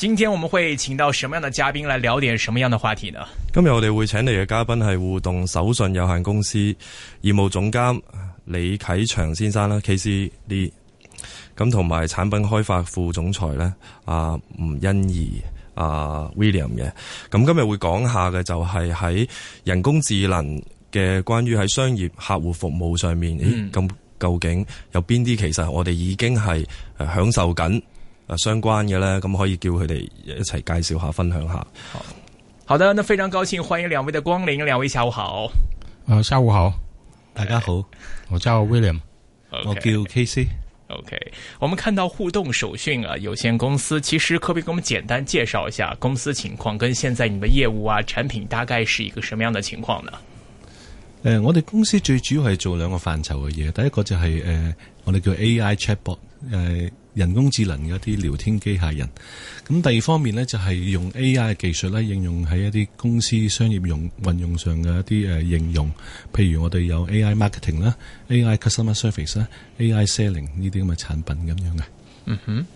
今天我們會請到什麼樣的嘉賓來聊點什麼樣的話題呢？今日我哋會請嚟嘅嘉賓係互動手信有限公司業務總監李啟祥先生啦，KC Lee 咁同埋產品開發副總裁咧，阿、呃、吳恩怡阿、呃、William 嘅。咁今日會講下嘅就係喺人工智能嘅關於喺商業客戶服務上面，咁、嗯、究竟有邊啲其實我哋已經係享受緊？相關嘅咧，咁可以叫佢哋一齊介紹下、分享下。好好的，那非常高興歡迎兩位的光臨，兩位下午好。啊，下午好，對，大家好，我叫 William，Okay，我叫 KC。OK，我們看到互動手訊啊有限公司，其實可唔可以跟我們簡單介紹一下公司情況，跟現在你們業務啊、產品大概是一個什麼樣的情況呢？誒、呃，我哋公司最主要係做兩個範疇嘅嘢，第一個就係、是、誒、呃，我哋叫 AI chatbot。誒、呃，人工智能嘅一啲聊天機械人，咁第二方面呢，就係、是、用 AI 技術呢應用喺一啲公司商業用運用上嘅一啲誒應用，譬如我哋有 AI marketing 啦、AI customer service 啦、AI selling 呢啲咁嘅產品咁樣嘅。嗯哼，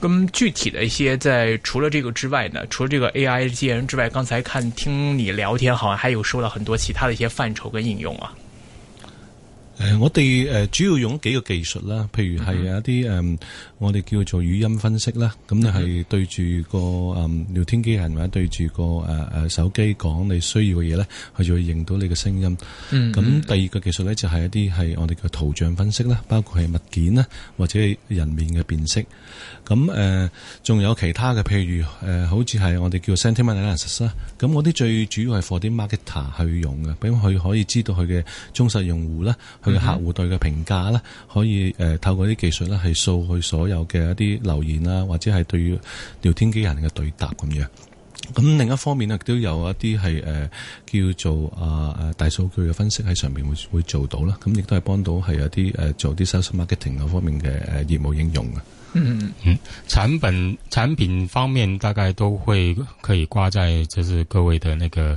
咁具體嘅一些在，在除咗呢個之外呢，除咗呢個 AI 機器人之外，剛才看聽你聊天，好像還有說到很多其他嘅一些範疇跟應用啊。誒、呃，我哋誒主要用幾個技術啦，譬如係一啲誒、呃，我哋叫做語音分析啦，咁你係對住個誒、呃、聊天機器人或者對住個誒誒、呃、手機講你需要嘅嘢咧，佢就會認到你嘅聲音。咁、嗯、哼第二個技術咧就係、是、一啲係我哋嘅圖像分析啦，包括係物件啦或者人面嘅辨識。咁誒仲有其他嘅，譬如誒、呃、好似係我哋叫 sentiment analysis 啦。咁我啲最主要係 for 啲 marketer 去用嘅，俾佢可以知道佢嘅忠實用戶啦。佢嘅客戶對佢嘅評價啦，嗯、可以誒、呃、透過啲技術咧，係掃佢所有嘅一啲留言啦，或者係對於聊天機人嘅對答咁樣。咁另一方面呢，都有一啲係誒叫做啊誒、呃、大數據嘅分析，喺上邊會會做到啦。咁亦都係幫到係有啲誒、呃、做啲 social marketing 嗰方面嘅誒、呃、業務應用嘅。嗯嗯嗯，產品產品方面，大概都會可以掛在就是各位嘅那個。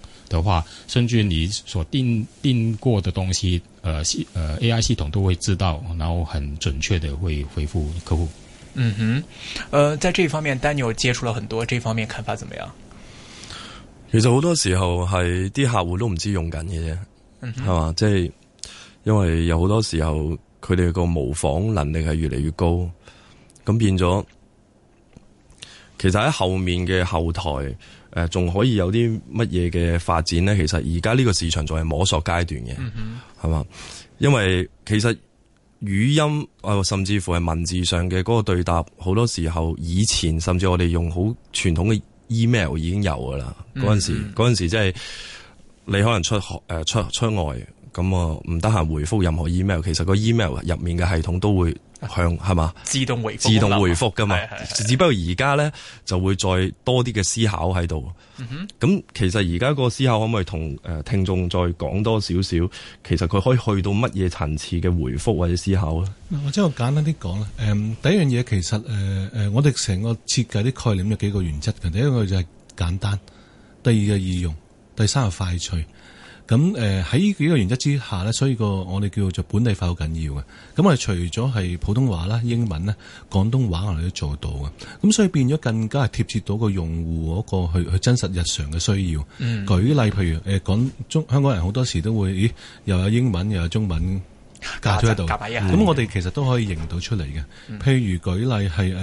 的話，甚至你所訂訂過的東西，呃係呃 AI 系統都會知道，然後很準確的會回覆客戶。嗯哼，呃，在這方面，Daniel 接觸了很多，這方面看法怎麼樣？其實好多時候係啲客戶都唔知用緊嘅啫，係嘛、嗯哼？即係、就是、因為有好多時候佢哋個模仿能力係越嚟越高，咁變咗，其實喺後面嘅後台。誒，仲可以有啲乜嘢嘅發展咧？其實而家呢個市場仲係摸索階段嘅，係嘛、嗯哼？因為其實語音、呃、甚至乎係文字上嘅嗰個對答，好多時候以前甚至我哋用好傳統嘅 email 已經有噶啦，嗰陣時嗰陣、嗯、哼時即係你可能出學誒、呃、出出外。咁啊，唔得閒回覆任何 email，其實個 email 入面嘅系統都會向係嘛？啊、吧自動回覆自動回覆噶嘛？是是是是只不過而家咧就會再多啲嘅思考喺度。咁、嗯、哼其實而家個思考可唔可以同誒聽眾再講多少少？其實佢可以去到乜嘢層次嘅回覆或者思考咧？或者我簡單啲講啦，誒第一樣嘢其實誒誒、呃，我哋成個設計啲概念有幾個原則嘅。第一個就係簡單，第二就易用，第三就快脆。咁誒喺幾個原則之下咧，所以個我哋叫做本地化好緊要嘅。咁我哋，除咗係普通話啦、英文啦、廣東話我哋都做到嘅。咁所以變咗更加係貼切到個用戶嗰個去去真實日常嘅需要。嗯、舉例，譬如誒講中香港人好多時都會咦，又有英文又有中文，咗喺度，咁我哋其實都可以認到出嚟嘅。嗯、譬如舉例係誒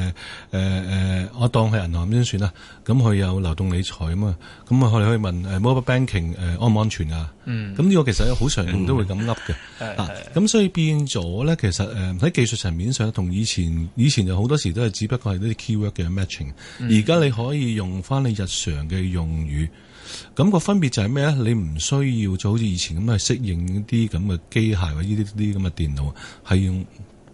誒我當去銀行咁樣算啦？咁佢有流動理財啊嘛，咁我哋可以問 Mobile Banking 誒安唔安全啊？嗯，咁呢個其實好常用都會咁噏嘅。咁所以變咗咧，其實誒喺、呃、技術層面上，同以前以前就好多時都係只不過係呢啲 keyword 嘅 matching，而家、嗯、你可以用翻你日常嘅用語。咁個分別就係咩咧？你唔需要就好似以前咁係適應啲咁嘅機械或呢啲啲咁嘅電腦，係用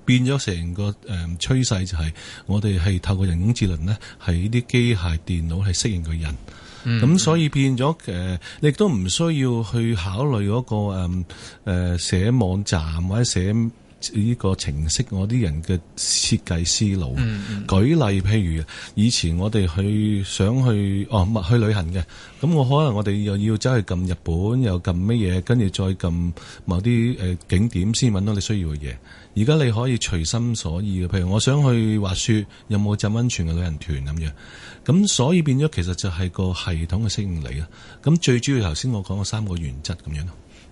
變咗成個誒趨勢就係我哋係透過人工智能咧，係呢啲機械電腦係適應個人，咁、嗯、所以變咗誒，亦都唔需要去考慮嗰、嗰個誒誒寫網站或者寫。呢個程式我啲人嘅設計思路，mm hmm. 舉例譬如以前我哋去想去哦，去旅行嘅，咁我可能我哋又要走去撳日本，又撳乜嘢，跟住再撳某啲、呃、景點先揾到你需要嘅嘢。而家你可以隨心所意，嘅，譬如我想去滑雪，有冇浸溫泉嘅旅行團咁樣？咁所以變咗其實就係個系統嘅適應嚟啦。咁最主要頭先我講嘅三個原則咁樣。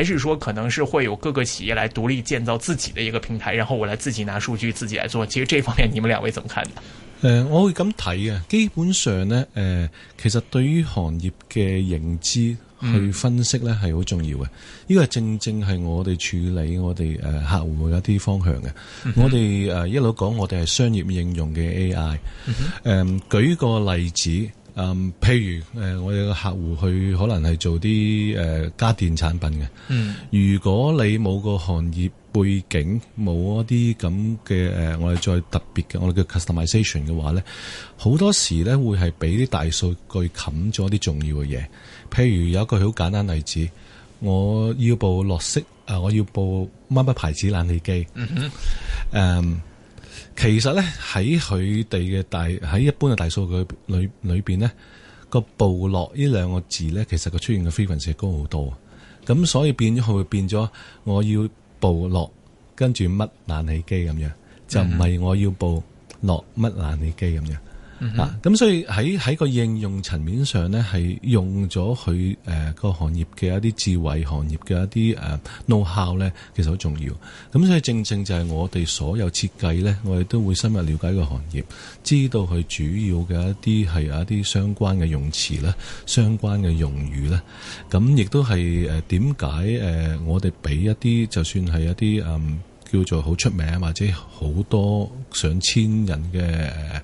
還是說，可能是會有各個企業來獨立建造自己的一個平台，然後我來自己拿數據，自己來做。其實這方面，你們兩位怎麼看呢？誒、呃，我會咁睇啊。基本上呢，誒、呃，其實對於行業嘅認知去分析呢係好、嗯、重要嘅。呢個正正係我哋處理我哋誒、呃、客戶嘅一啲方向嘅。嗯、哼我哋誒、呃、一路講，我哋係商業應用嘅 AI、嗯哼。誒、呃，舉個例子。嗯，譬如誒、呃，我哋個客戶去可能係做啲誒、呃、家電產品嘅。嗯，如果你冇個行業背景，冇一啲咁嘅誒，我哋再特別嘅，我哋叫 customization 嘅話咧，好多時咧會係俾啲大數據冚咗啲重要嘅嘢。譬如有一個好簡單例子，我要部落色啊、呃，我要部乜乜牌子冷氣機。嗯哼、um, 其實咧喺佢哋嘅大喺一般嘅大數據裏裏邊咧個部落呢兩個字咧其實個出現嘅 frequency 高好多，咁所以變咗佢會變咗我要部落跟住乜冷氣機咁樣，就唔係我要部落乜冷氣機咁樣。咁、嗯啊、所以喺喺個應用層面上咧，係用咗佢誒個行業嘅一啲智慧、行業嘅一啲誒 Know-how 咧，其實好重要。咁所以正正就係我哋所有設計咧，我哋都會深入了解個行業，知道佢主要嘅一啲係有一啲相關嘅用詞咧、相關嘅用語咧。咁亦都係誒點解誒我哋俾一啲就算係一啲誒。嗯叫做好出名或者好多上千人嘅，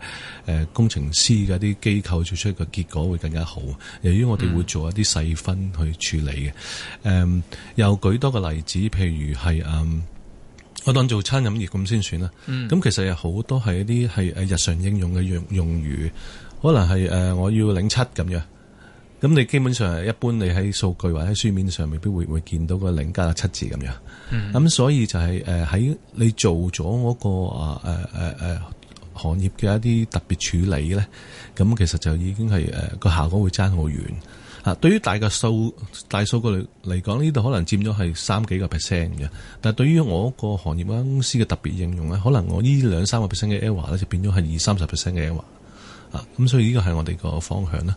呃、工程師嘅一啲機構做出嘅結果會更加好，由於我哋會做一啲細分去處理嘅。誒、嗯嗯、又舉多個例子，譬如係、嗯，我當做餐飲業咁先算啦。咁、嗯、其實有好多係一啲係日常應用嘅用用語，可能係、呃、我要領七咁樣。咁你基本上一般，你喺數據或者書面上未必會會見到個零加七字咁樣。咁、嗯、所以就係喺你做咗嗰、那個啊誒、啊啊、行業嘅一啲特別處理咧，咁其實就已經係個、啊、效果會爭好遠。啊，對於大嘅數大數據嚟嚟講，呢度可能佔咗係三幾個 percent 嘅。但對於我個行業公司嘅特別應用咧，可能我呢兩三個 percent 嘅 error 咧就變咗係二三十 percent 嘅 error 啊，咁、er、所以呢個係我哋個方向啦。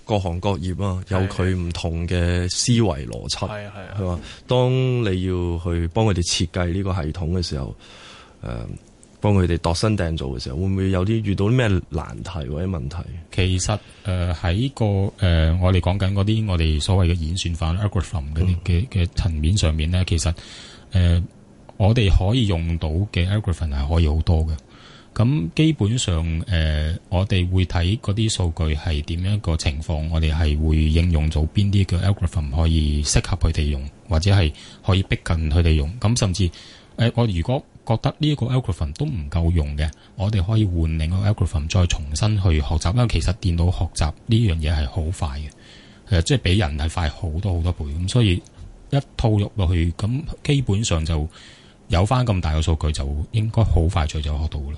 各行各業啊，有佢唔同嘅思維邏輯，係係係嘛，當你要去幫佢哋設計呢個系統嘅時候，誒、呃，幫佢哋度身訂造嘅時候，會唔會有啲遇到啲咩難題或者問題？其實誒喺、呃、個誒、呃、我哋講緊嗰啲我哋所謂嘅演算法 algorithm 嗰嘅嘅層面上面咧，其實誒、呃、我哋可以用到嘅 algorithm 係可以好多嘅。咁基本上，誒、呃，我哋會睇嗰啲數據係點樣一個情況，我哋係會應用到邊啲嘅 algorithm 可以適合佢哋用，或者係可以逼近佢哋用。咁甚至、呃、我如果覺得呢一個 algorithm 都唔夠用嘅，我哋可以換另一個 algorithm 再重新去學習。因為其實電腦學習呢樣嘢係好快嘅，誒、呃，即係比人係快好多好多倍咁。所以一套入落去，咁基本上就有翻咁大嘅數據，就應該好快再就學到啦。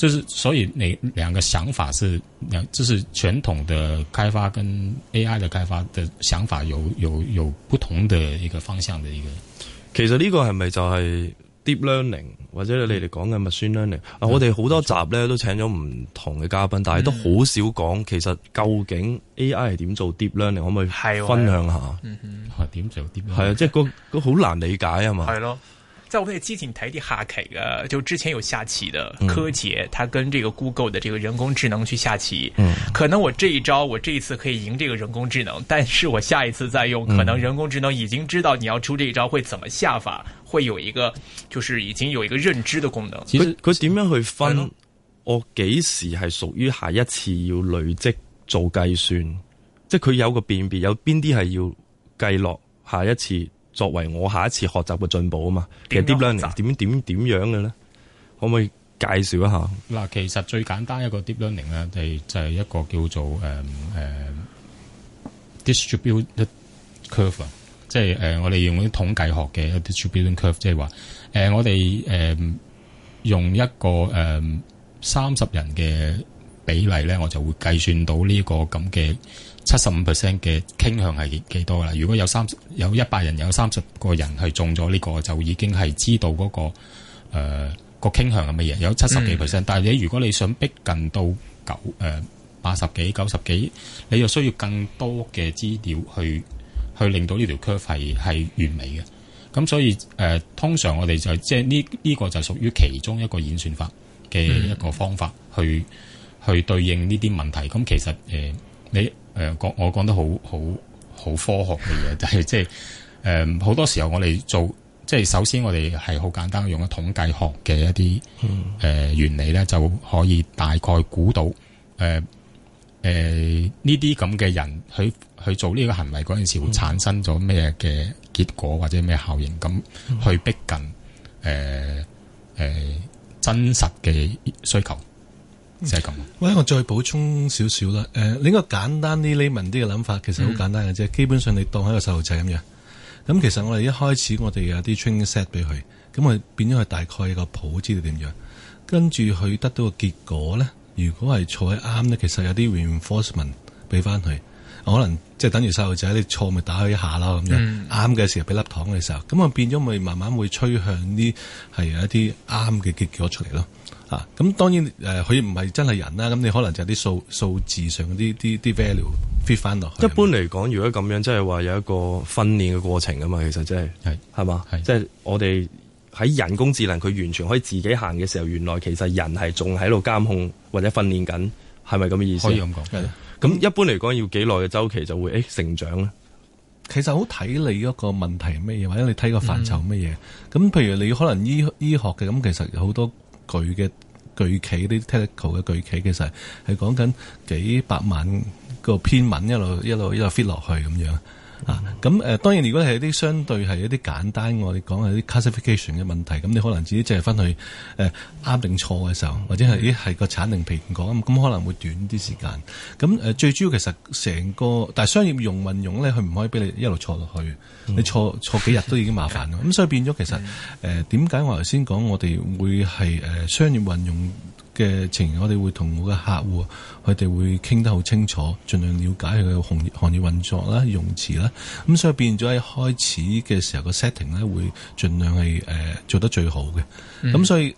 就是，所以你兩個想法是兩，就是傳統的開發跟 AI 的開發的想法有有有不同的一個方向的一個。其實呢個係咪就係 deep learning 或者你哋講嘅 machine learning？啊，我哋好多集咧都請咗唔同嘅嘉賓，但係都好少講，其實究竟 AI 係點做 deep learning？嗯、可唔可以分享下？的嗯點做 deep？係啊，即係嗰好難理解啊嘛。係咯。 在無線機頂台啲下棋嘅、啊，就之前有下棋的柯潔，他、嗯、跟這個 Google 的這個人工智能去下棋，嗯、可能我這一招我這一次可以贏這個人工智能，但是我下一次再用，嗯、可能人工智能已經知道你要出這一招會怎麼下法，會有一個就是已經有一個認知的功能。其實佢佢點樣去分？嗯、我幾時係屬於下一次要累積做計算？即係佢有個辨別，有邊啲係要計落下一次。作為我下一次學習嘅進步啊嘛，其實 deep learning 點點點樣嘅咧，可唔可以介紹一下？嗱，其實最簡單一個 deep learning 啊，係就係一個叫做誒誒、呃呃就是呃、distribute curve，即係誒、呃、我哋用啲統計學嘅 distribution curve，即係話誒我哋誒用一個誒三十人嘅比例咧，我就會計算到呢個咁嘅。七十五 percent 嘅傾向係幾多㗎啦？如果有三有一百人，有三十個人係中咗呢、這個，就已經係知道嗰、那個誒個、呃、傾向係乜嘢。有七十幾 percent、嗯、但係你如果你想逼近到九誒八十幾、九十幾，你又需要更多嘅資料去去令到呢條 curve 係完美嘅。咁所以誒、呃，通常我哋就即係呢呢個就屬於其中一個演算法嘅一個方法去，去、嗯、去對應呢啲問題。咁其實誒、呃、你。誒，講、呃、我講得好好好科學嘅嘢，就係即係誒，好、呃、多時候我哋做，即係首先我哋係好簡單用咗統計學嘅一啲誒、呃、原理咧，就可以大概估到誒誒呢啲咁嘅人去去做呢個行為陣時，會產生咗咩嘅結果或者咩效應，咁去逼近誒誒、呃呃、真實嘅需求。就係咁。喂、嗯，我再補充少少啦。誒、呃，另一個簡單啲、釐文啲嘅諗法，其實好簡單嘅啫。嗯、基本上，你當係一個細路仔咁樣。咁其實我哋一開始我一，我哋有啲 training set 俾佢。咁我變咗佢大概一個譜，知道點樣。跟住佢得到個結果咧，如果係錯喺啱咧，其實有啲 reinforcement 俾翻佢。可能即係等於細路仔，你錯咪打佢一下咯咁樣。啱嘅時候俾粒糖嘅時候，咁我變咗咪慢慢會趨向啲係有一啲啱嘅結果出嚟咯。咁，啊、當然誒，佢唔係真係人啦。咁你可能就啲數數字上啲啲啲 value feed 翻落去。一般嚟講，如果咁樣，即係話有一個訓練嘅過程啊嘛。其實即係係係嘛，即係我哋喺人工智能，佢完全可以自己行嘅時候，原來其實人係仲喺度監控或者訓練緊，係咪咁嘅意思？可以咁講。咁一般嚟講，要幾耐嘅周期就會誒、欸、成長咧？其實好睇你一個問題係咩嘢，或者你睇個範疇係咩嘢。咁、嗯、譬如你可能醫醫學嘅，咁其實好多。佢嘅巨，巨企，啲 technical 嘅巨企，其實係講緊幾百萬個篇文一路一路一路 fit 落去咁樣。啊，咁誒當然，如果係一啲相對係一啲簡單，我哋講係一啲 classification 嘅問題，咁你可能自己淨係分去誒啱定錯嘅時候，或者係咦係個橙定蘋果咁，咁可能會短啲時間。咁誒最主要其實成個，但係商業用運用咧，佢唔可以俾你一路錯落去，嗯、你錯錯幾日都已經麻煩啦咁、 嗯、所以變咗其實誒點解我頭先講我哋會係誒商業運用嘅情形，我哋會同我嘅客戶，佢哋會傾得好清楚，儘量了解佢嘅行業行業運作啦、用詞啦，咁所以變咗喺開始嘅時候個 setting 咧，會儘量係誒做得最好嘅。咁所以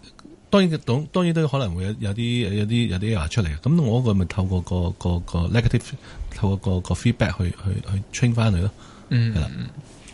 當然嘅，當當然都可能會有有啲有啲有啲話出嚟。咁我個咪透過個個個 negative，透過個個 feedback 去去去 train 翻佢咯。嗯。係啦。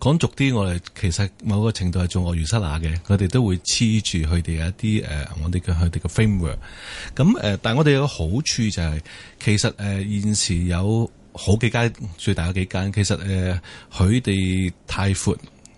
講俗啲，我哋其實某個程度係做外語塞拿嘅，我哋都會黐住佢哋一啲誒、呃，我哋嘅佢哋嘅 framework。咁、呃、但我哋有個好處就係、是，其實誒、呃、現時有好幾間最大嘅幾間，其實誒佢哋太闊，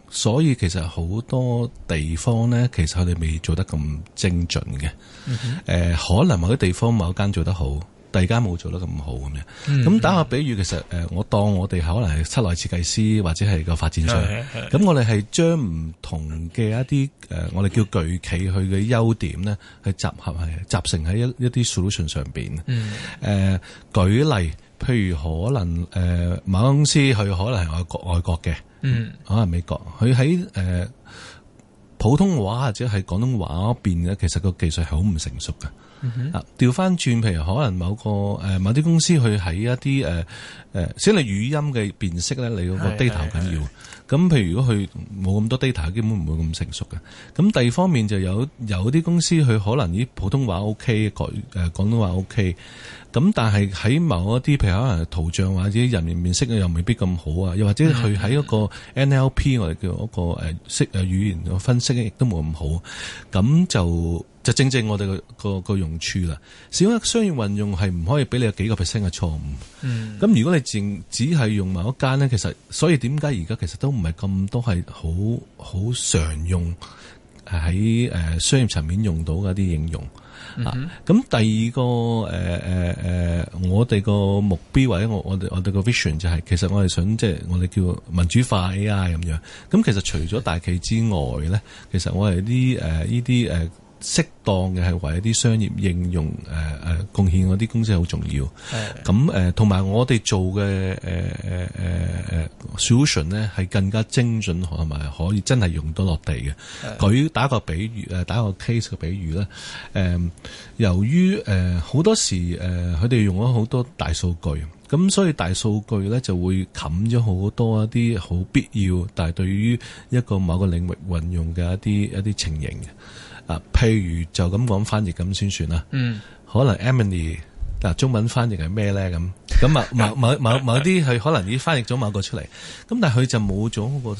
所以其實好多地方咧，其實佢哋未做得咁精準嘅。誒、嗯哼呃，可能某啲地方某一間做得好。第二間冇做得咁好咁樣，咁打下比喻，其實誒，我當我哋可能係室內設計師或者係個發展商，咁、mm hmm. 我哋係將唔同嘅一啲誒，我哋叫巨企佢嘅優點咧，去集合係集成喺一一啲 solution 上邊。誒、mm hmm. 呃，舉例，譬如可能誒、呃，某間公司佢可能係外國外國嘅，mm hmm. 可能美國，佢喺誒普通話或者係廣東話邊咧，其實個技術係好唔成熟嘅。.啊，調翻轉，譬如可能某個誒，某啲公司去喺一啲誒誒，小、呃、語、呃、語音嘅辨識咧，你嗰個 data 好緊是要。咁譬如如果佢冇咁多 data，基本唔會咁成熟嘅。咁第二方面就有有啲公司佢可能啲普通話 OK，改誒廣東話 OK。咁但係喺某一啲譬如可能圖像或者人面辨識又未必咁好啊，又或者佢喺一個 NLP 是我哋叫嗰、那個誒識誒語言嘅分析亦都冇咁好。咁就。就正正我哋個個用處啦。小商業運用係唔可以俾你有幾個 percent 嘅錯誤。咁、嗯、如果你淨只係用某一間咧，其實所以點解而家其實都唔係咁多係好好常用喺誒商業層面用到嘅一啲應用咁、嗯哼啊、第二個誒、呃呃、我哋個目標或者我我哋我哋個 vision 就係、是、其實我哋想即係、就是、我哋叫民主化 AI 咁樣。咁其實除咗大企之外咧，其實我係啲誒呢啲適當嘅係為一啲商業應用誒誒貢獻嗰啲公司係好重要，咁誒同埋我哋做嘅誒誒誒誒 solution 咧係更加精準同埋可以真係用到落地嘅。的舉打個比喻誒、呃，打個 case 嘅比喻咧，誒、呃、由於誒好多時誒佢哋用咗好多大數據，咁所以大數據咧就會冚咗好多一啲好必要，但係對於一個某個領域運用嘅一啲一啲情形。啊，譬如就咁講翻譯咁先算啦。嗯，可能 Emily 嗱、啊、中文翻譯係咩咧？咁咁啊，某某某某啲係可能已經翻譯咗某個出嚟，咁但係佢就冇咗個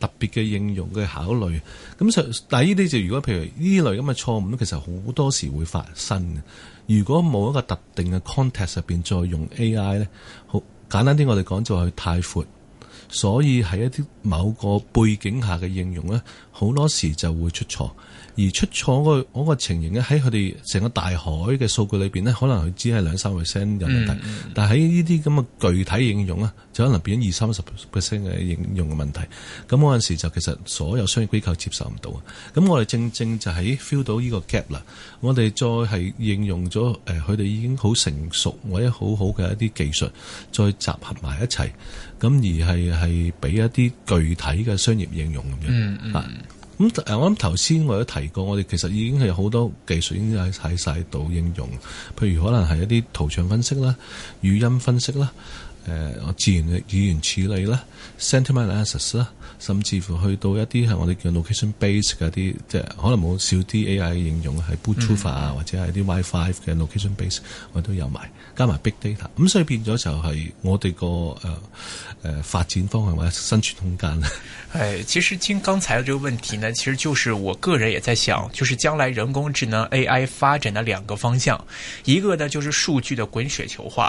特別嘅應用去考慮，咁所，但係呢啲就如果譬如呢類咁嘅錯誤，其實好多時會發生嘅。如果冇一個特定嘅 context 入邊，再用 AI 咧，好簡單啲，我哋講就係太闊。所以喺一啲某個背景下嘅應用咧，好多時就會出錯。而出錯嗰、嗰個情形咧，喺佢哋成個大海嘅數據裏邊咧，可能佢只係兩三個 percent 有問題，嗯、但係喺呢啲咁嘅具體應用咧。就可能變咗二三十 percent 嘅應用嘅問題，咁嗰陣時就其實所有商業機構接受唔到啊！咁我哋正正就喺 feel 到呢個 gap 啦，我哋再係應用咗誒佢哋已經好成熟或者好好嘅一啲技術，再集合埋一齊，咁而係係俾一啲具體嘅商業應用咁樣、嗯嗯、啊！咁誒，我諗頭先我有提過，我哋其實已經係好多技術已經喺晒度應用，譬如可能係一啲圖像分析啦、語音分析啦。誒，我自然嘅語言處理啦，sentiment analysis 啦，甚至乎去到一啲係我哋叫 location base 嘅一啲，即係可能冇少啲 AI 應用係 Bluetooth 啊，fer, 嗯、或者係啲 Wi-Fi 嘅 location base，我都有埋，加埋 big data，咁所以變咗就係我哋個誒誒發展方向或者生存空間啦，誒，其實聽剛才嘅呢個問題呢，其實就是我個人也在想，就是將來人工智能 AI 發展嘅兩個方向，一個呢就是數據嘅滾雪球化。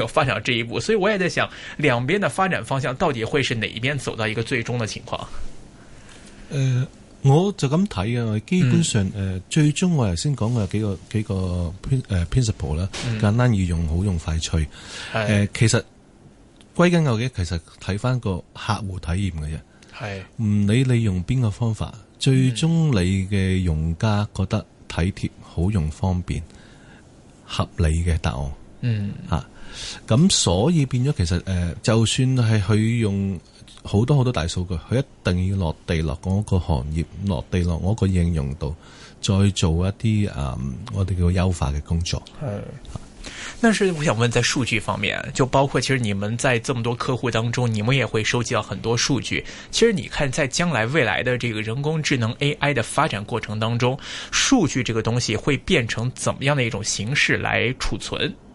有發展到這一步，所以我也在想，兩邊的發展方向到底會是哪一邊走到一個最終的情況？誒、呃，我就咁睇啊，基本上誒、嗯呃，最終我頭先講嘅幾個幾個誒 principle 啦、呃，簡單易用，好用，用快脆。誒、嗯呃，其實歸根究底，其實睇翻個客戶體驗嘅啫，係唔理你用邊個方法，最終你嘅用家覺得體貼、好用、方便、合理嘅答案，嗯啊。咁所以變咗，其實誒、呃，就算係佢用好多好多大數據，佢一定要落地落嗰個行業，落地落嗰個應用度，再做一啲、呃、我哋叫優化嘅工作。係的。但、嗯、是我想問，在數據方面，就包括其實你們在這麼多客戶當中，你們也會收集到很多數據。其實，你看在將來未來的這個人工智能 AI 的發展過程當中，數據這個東西會變成怎麼樣的一種形式來儲存？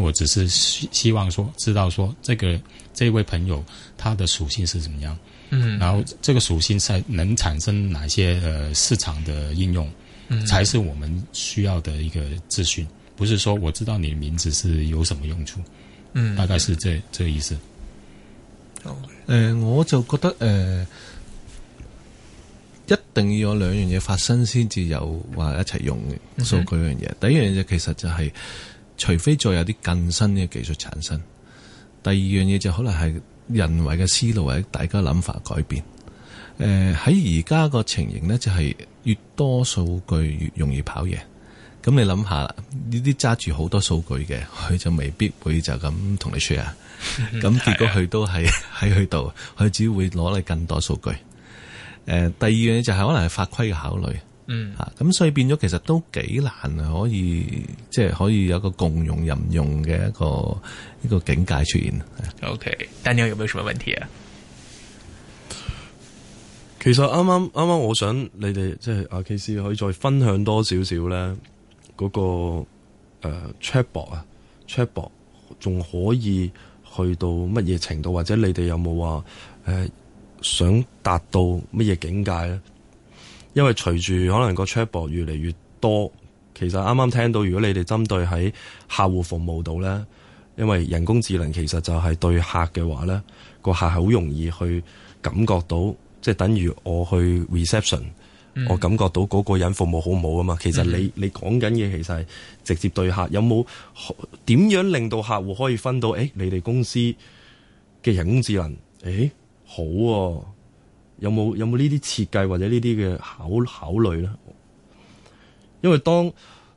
我只是希希望說，知道說這個這位朋友他的屬性是怎麼樣，嗯哼，然後這個屬性才能產生哪些呃市場的應用，嗯哼，才是我們需要的一個資訊，不是說我知道你的名字是有什麼用處，嗯哼，大概是這這個意思。誒、呃，我就覺得誒、呃，一定要有兩樣嘢發生先至有話一齊用嘅、嗯、哼數據樣嘢，第一樣嘢其實就係、是。除非再有啲更新嘅技術產生，第二樣嘢就是可能係人為嘅思路或者大家諗法的改變。誒喺而家個情形咧，就係、是、越多數據越容易跑嘢。咁你諗下，呢啲揸住好多數據嘅佢就未必會就咁同你 share、嗯。咁、嗯、結果佢都係喺佢度，佢的 只會攞嚟更多數據。呃、第二樣嘢就係可能係法規嘅考慮。嗯吓，咁所以變咗其實都幾難，可以即係、就是、可以有一個共用任用嘅一個一個境界出現。O、okay, K，Daniel 有冇咩有問題啊？其實啱啱啱啱，剛剛我想你哋即係阿 K 師可以再分享多少少咧，嗰個誒 check 薄啊 check 薄，仲可以去到乜嘢程度，或者你哋有冇話誒想達到乜嘢境界咧？因為隨住可能個 chatbot 越嚟越多，其實啱啱聽到，如果你哋針對喺客戶服務度咧，因為人工智能其實就係對客嘅話咧，個客係好容易去感覺到，即係等於我去 reception，嗯、我感覺到嗰個人服務好唔好啊嘛。其實你你講緊嘢其實係直接對客，嗯、有冇點樣令到客戶可以分到？誒，你哋公司嘅人工智能誒好、啊。有冇有冇呢啲設計或者呢啲嘅考考慮咧？因為當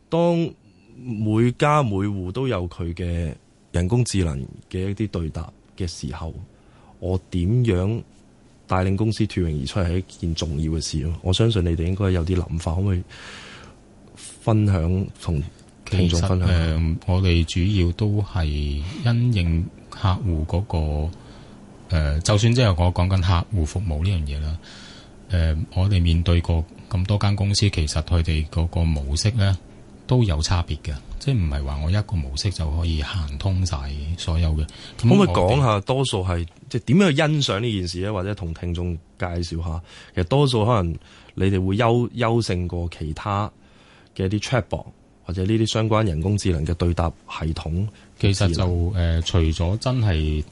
當每家每戶都有佢嘅人工智能嘅一啲對答嘅時候，我點樣帶領公司脫穎而出係一件重要嘅事咯。我相信你哋應該有啲諗法，可唔可以分享同聽眾分享？呃，我哋主要都係因應客戶嗰個。誒、呃，就算即係我講緊客戶服務呢樣嘢啦，誒、呃，我哋面對過咁多間公司，其實佢哋嗰個模式咧都有差別嘅。即係唔係話我一個模式就可以行通晒所有嘅。可唔可以講下，多數係們即係點樣去欣賞呢件事咧？或者同聽眾介紹下，其實多數可能你哋會優優勝過其他嘅一啲 Chatbot 或者呢啲相關人工智能嘅對答系統。其實就誒、呃，除咗真係。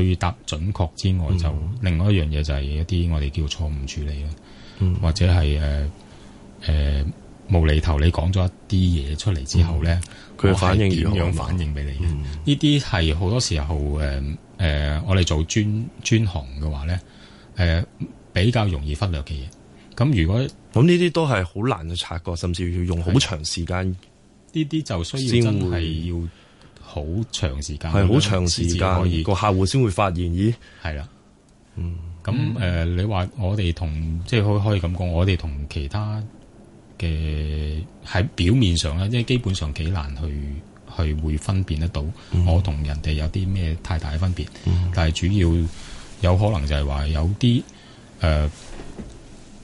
對答準確之外，就、嗯、另外一樣嘢就係一啲我哋叫錯誤處理啦，嗯、或者係誒誒無厘頭你講咗一啲嘢出嚟之後咧，佢、嗯、反應點樣反應俾你嘅？呢啲係好多時候誒誒、呃，我哋做專專行嘅話咧，誒、呃、比較容易忽略嘅嘢。咁如果咁呢啲都係好難去察覺，甚至要用好長時間。呢啲就需要真係要好長時間係好長時間，可以個客戶先會發現，咦？係啦的，嗯。咁誒那、嗯、呃，你話我哋同即係可可以咁講，我哋同其他嘅喺表面上咧，即係基本上幾難去去會分辨得到、嗯、我同人哋有啲咩太大嘅分別。嗯、但係主要有可能就係話有啲誒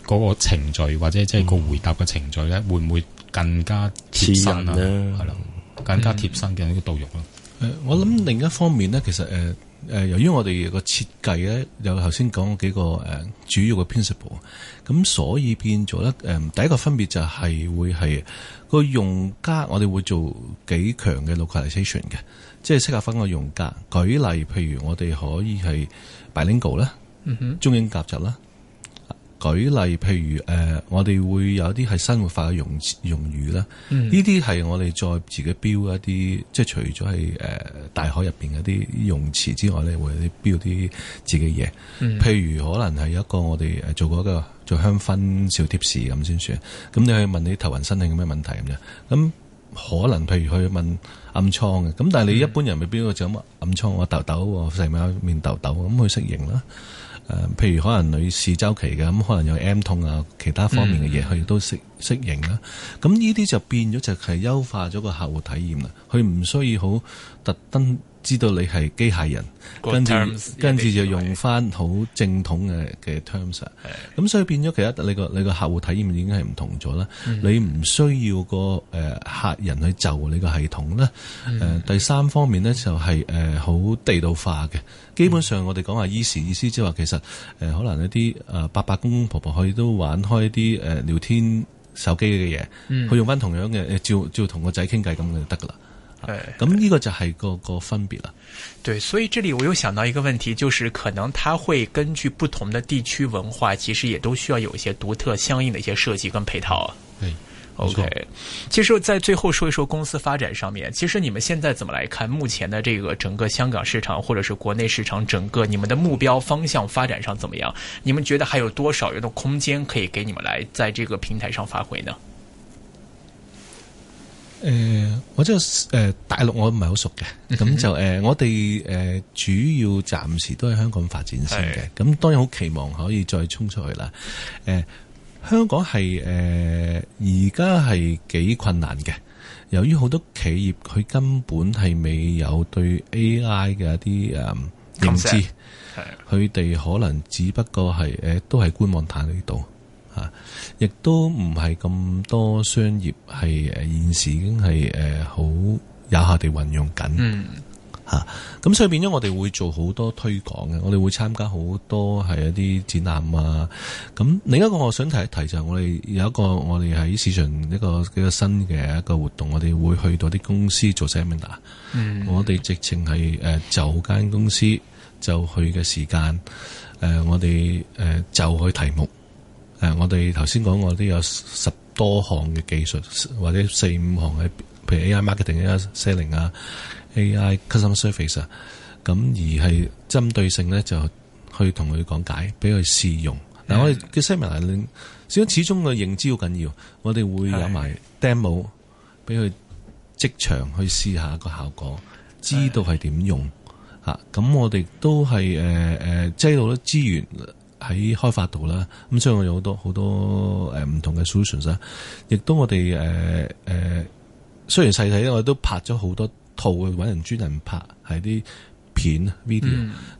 嗰個程序或者即係個回答嘅程序咧，嗯、會唔會更加貼身啊？係啦。更加貼身嘅一、嗯、個導入咯。誒，我諗另一方面咧，嗯、其實誒誒，由於我哋個設計咧，有頭先講幾個誒主要嘅 principle，咁所以變咗咧誒，第一個分別就係、是、會係個用家，我哋會做幾強嘅 localization 嘅，即係適合分個用家。舉例，譬如我哋可以係 bilingual 啦，嗯、哼，中英夾雜啦。舉例，譬如誒、呃，我哋會有啲係生活化嘅用詞用語啦，呢啲係我哋再自己標一啲，嗯、即係除咗係誒大海入邊嗰啲用詞之外咧，會有啲標啲自己嘢。譬如可能係一個我哋誒做過一個做香薰小貼士咁先算，咁你去問你頭暈身㷫有咩問題咁樣，咁可能譬如去問暗瘡嘅，咁但係你一般人咪標個就咁暗瘡我痘痘，成面豆豆，咁去適應啦。誒、呃，譬如可能女士周期嘅，咁、嗯、可能有 M 痛啊，其他方面嘅嘢，佢亦都適適應啦、啊。咁呢啲就變咗就係優化咗個客戶體驗啦。佢唔需要好特登。知道你係機械人，跟住跟住就用翻好正統嘅嘅 terms 咁，所以變咗其實你個你個客戶體驗已經係唔同咗啦。你唔需要個誒客人去就你個系統啦。誒，第三方面咧，就係誒好地道化嘅。基本上我哋講話 easy 意思，即係話其實誒可能一啲誒伯伯公公婆婆可以都玩開啲誒聊天手機嘅嘢，佢用翻同樣嘅照照同個仔傾偈咁就得㗎啦。哎，咁呢、嗯、個就係個個分別啦。對，所以這裏我又想到一個問題，就是可能他會根據不同的地區文化，其實也都需要有一些獨特相應的一些設計跟配套。對、嗯、OK。沒錯。其實，在最後說一說公司發展上面，其實你們現在怎麼來看目前的這個整個香港市場，或者是國內市場，整個你們的目標方向發展上怎麼樣？你們覺得還有多少人的空間可以給你們來在這個平台上發揮呢？誒、呃，我即係誒，大陸我唔係好熟嘅，咁就誒、呃，我哋誒、呃、主要暫時都係香港發展先嘅，咁的當然好期望可以再衝出去啦。誒、呃，香港係誒而家係幾困難嘅，由於好多企業佢根本係未有對 AI 嘅一啲誒、呃、認知識，係啊的，佢哋可能只不過係誒、呃、都係觀望態度。啊！亦都唔係咁多商業係誒、呃，現時已經係誒好有效地運用緊。嗯。吓咁、啊，所以變咗我哋會做好多推廣嘅。我哋會參加好多係一啲展覽啊。咁另一個我想提一提就係、是、我哋有一個我哋喺市場一個比較新嘅一個活動，我哋會去到啲公司做 seminar。嗯。我哋直情係誒，就間公司就去嘅時間誒、呃，我哋誒、呃、就去題目。我哋頭先講過都有十多項嘅技術，或者四五項嘅，譬如 A I marketing 啊、selling 啊、A I customer service 啊，咁而係針對性咧，就去同佢講解，俾佢試用。是的 但我哋嘅 seminar 啊，始終始終嘅認知好緊要，我哋會有埋 demo 俾佢即場去試下個效果，知道係點用嚇。咁、嗯、我哋都係誒誒擠到啲資源。喺開發度啦，咁所以我有好多好多誒唔同嘅 solutions 啦，亦都我哋誒誒，雖然細睇我我都拍咗好多套去揾人專人拍，係啲片 video，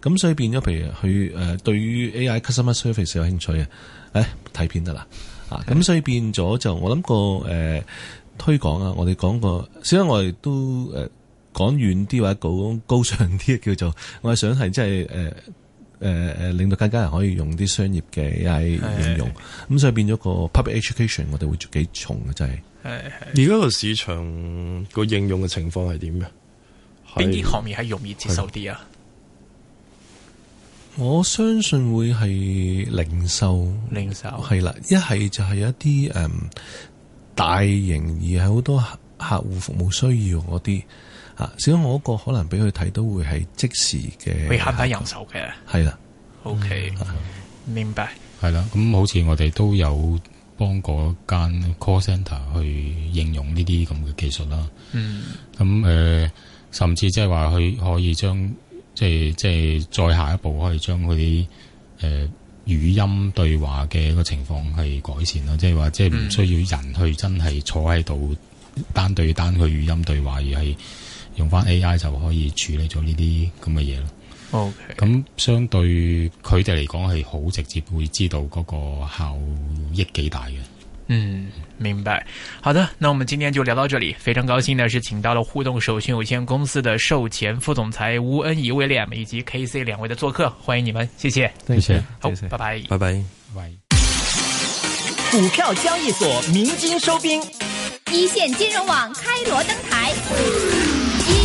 咁、嗯、所以變咗，譬如去誒、呃，對於 AI customer service 有興趣嘅，誒睇片得啦，啊，咁所以變咗就我諗個誒推廣啊，我哋講個，所、呃、以我哋都誒講遠啲或者講高尚啲，叫做我哋想係真係誒。呃誒誒、呃，令到更加人可以用啲商業嘅 AI< 是>應用，咁是所以變咗個 public education 我哋會做幾重嘅，就係。係係而家個市場個應用嘅情況係點嘅？邊啲行業係容易接受啲啊？我相信會係零售，零售係啦，一係就係一啲誒，um, 大型而係好多客戶服務需要嗰啲。啊、小我嗰個可能俾佢睇都會係即時嘅，會慳低人手嘅。係啦、啊，OK，明白。係啦，咁好似我哋都有幫嗰間 call center 去應用呢啲咁嘅技術啦。嗯，咁誒、呃，甚至即係話，佢可以將即係即係再下一步，可以將佢啲誒語音對話嘅一個情況係改善啦，即係話，即係唔需要人去真係坐喺度單對單去語音對話而係。用翻 A I 就可以處理咗呢啲咁嘅嘢咯。O K，咁相對佢哋嚟講係好直接會知道嗰個效益幾大嘅。嗯，明白。好的，那我們今天就聊到這裡。非常高興的是，請到了互動手訊有限公司的售前副總裁吳恩怡 William 以及 KC 兩位的做客，歡迎你們，謝謝，謝謝，好，拜拜，拜拜，股票交易所鳴金收兵，一線金融網開鑼登台。